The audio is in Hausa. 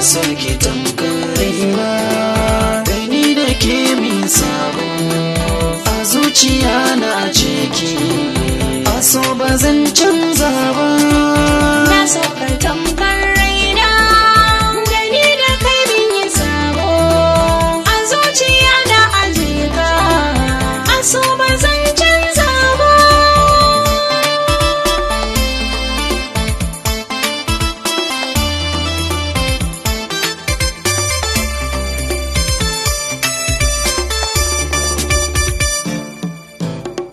sake tamkarina gani da ke min sabo a zuciya na ciki a so ba zan canza ba